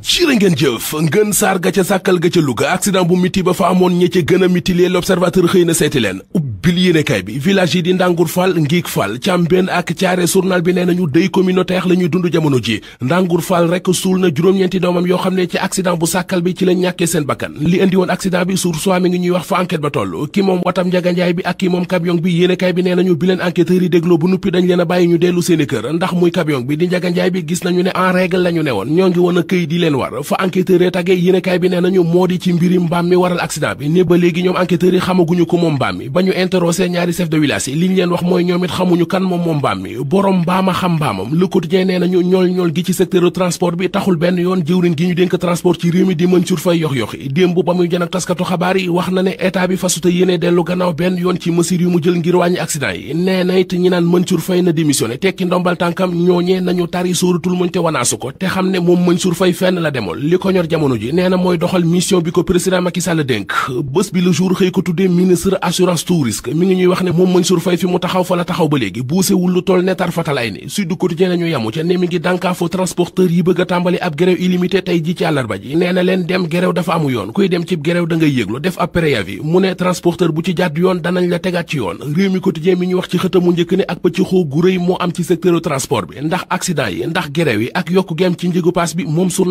jërë ngeen jëf ngën saar ga ca sàkkal ga ca Louga accident bu miti ba fa amoon ña ca gën a miti l'observateur xëy na seeti leen ubbil yéenekaay bi village yi di Ndangur Fall Ngiig Fall Càmbeen ak Caare journal bi nee nañu deuil communautaire la ñuy dund jamono ji Ndangur Fall rek suul na juróom-ñeenti doomam yoo xam ne ci accident bu sàkkal bi ci la ñàkkee seen bakkan li indi woon accident bi sur soi mi ngi ñuy wax fa enquête ba toll ki moom watam njaganjaay bi ak ki moom camion bi yéenekaay bi nee nañu bi leen dégloo bu nuppi dañ leen a bàyyi ñu dellu seeni kër ndax muy a interrogé ñaari chef de village yi li ñu leen wax mooy ñoom xamuñu kan moom mbaam mi borom mbaama xam mbaamam Le Quotidien nee nañu ñool ñool gi ci secteur transport bi taxul benn yoon jëwriñ gi ñu dénk transport ci réew mi di Mansour Faye yox yoxi démb ba muy jën taskatu xabaar yi wax na ne état bi fasuta yéene dellu gannaaw benn yoon ci mesure yu mu jël ngir wàññi accident yi nee nañu tari sóoratul muñ te wanaasu ko te xam ne moom Mansour Faye fisc mi ngi ñuy wax ne moom Mansour Faye fi mu taxaw fa la taxaw ba léegi buusewul lu toll ne tar fatalay ni Sud ne mi ngi dànkaafu transporteur yi bëgg a tàmbali ab yoon kuy dem ci grève da ngay yëglu def ab préavis mu ne transporteur bu la tegaat ci yoon réew mi quotidien mi ñu wax ci xëtamu ne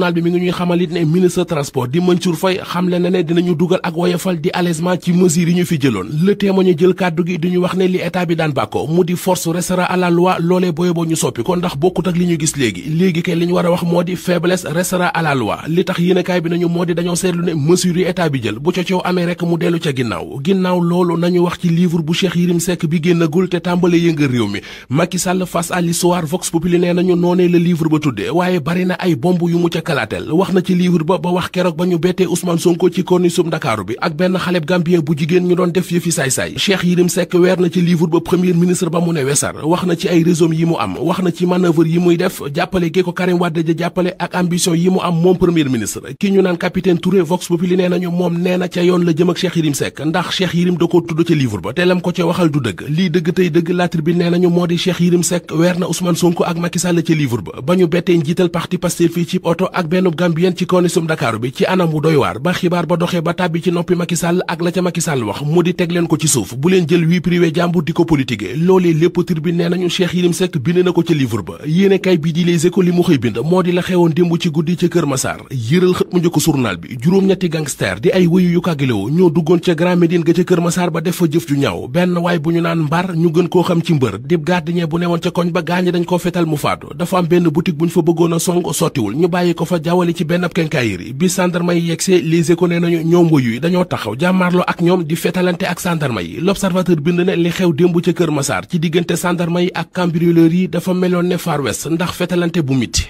ak ngi ñuy xamal ne ministre transport di Mansour Faye xamle na ne dinañu dugal ak woyofal di allègement ci mesures yi ñu fi jëloon jël kàddu gi di wax ne li état bi daan bàkko mu di force restera à la loi loolee boyoboo ñu soppi kon ndax bokkut ak li ñu gis léegi léegi kay li ñu war a wax moo di faiblesse restera à la loi li tax yéenekaay bi nañu moo di dañoo seetlu ne mesures yi état bi jël bu ca amee rek mu dellu ca ginnaaw ginnaaw loolu nañu wax ci livre bu Cheikh Yérim Seck bi génnagul te tàmbale yëngal réew mi Macky Sall face à l'histoire Vox Populi nee nañu noonee la livre ba tuddee waaye bari na ay bomb yu mu ca kalaatel wax na ci livre ba ba wax ba ñu bettee Ousmane Sonko ci corniche Ndakaaru bi ak benn xaleb gambien bu jigéen ñu doon def yëfi saay-saay Cheikh Yérim Seck weer na ci livre ba premier ministre ba mu ne wesar wax na ci ay réseau yi mu am wax na ci manœuvre yi muy def jàppale gi ko Karim Wade jàppale ak ambition yi mu am moom premier ministre ki ñu naan capitaine Touré Vox Populi nee nañu moom nee na ca yoon la jëm ak Cheikh Yérim Seck ndax Cheikh Yérim da ko tudd ca livre ba te lam ko ca waxal du dëgg lii dëgg tey dëgg La Tribune nee nañu moo di Cheikh Yérim Seck weer na Ousmane Sonko ak Macky Sall ca livre ba ñu bettee njiital parti Pastef fii ci oto ak benn Gambien ci corniche Dakar bi ci anam wu doy waar ba xibaar ba doxee ba tàbbi ci noppi Macky Sall ak la ca Macky Sall wax mu di teg leen ko ci suuf bu leen jël vie privée jàmbur di ko politiquer loolee lépp tribune nee nañu Cheikh Yérim Seck bind na ko ca livre ba kay bi di Les Échos li mu xëy bind moo di la xewoon démb ci guddi ca Kër Massar yëral xët mu njëkk journal bi juróom-ñetti gangster di ay wëyu yu kàggalewoo ñoo duggoon ca Grand Médine ga ca Kër Massar ba def fa jëf ju ñaw benn waay bu ñu naan mbar ñu gën koo xam ci mbër dib gardien bu newoon ca koñ ba gaañi dañ koo fetal mu faatu dafa am benn boutique fa bëggoon a song sottiwul ñu bàyyi ko fa jawale ci benn ab kenkaayiri bi gendarme yi yegsee Les Échos nee nañu ñoom wëyu yi dañoo taxaw jàmmaarloo ak ñoom di fetalante ak gendarme yi l'observateur bind ne li xew démb ca Kër Massar ci diggante genn yi ak cambrioleurs yi dafa meloon ne Far West ndax fetalante bu miti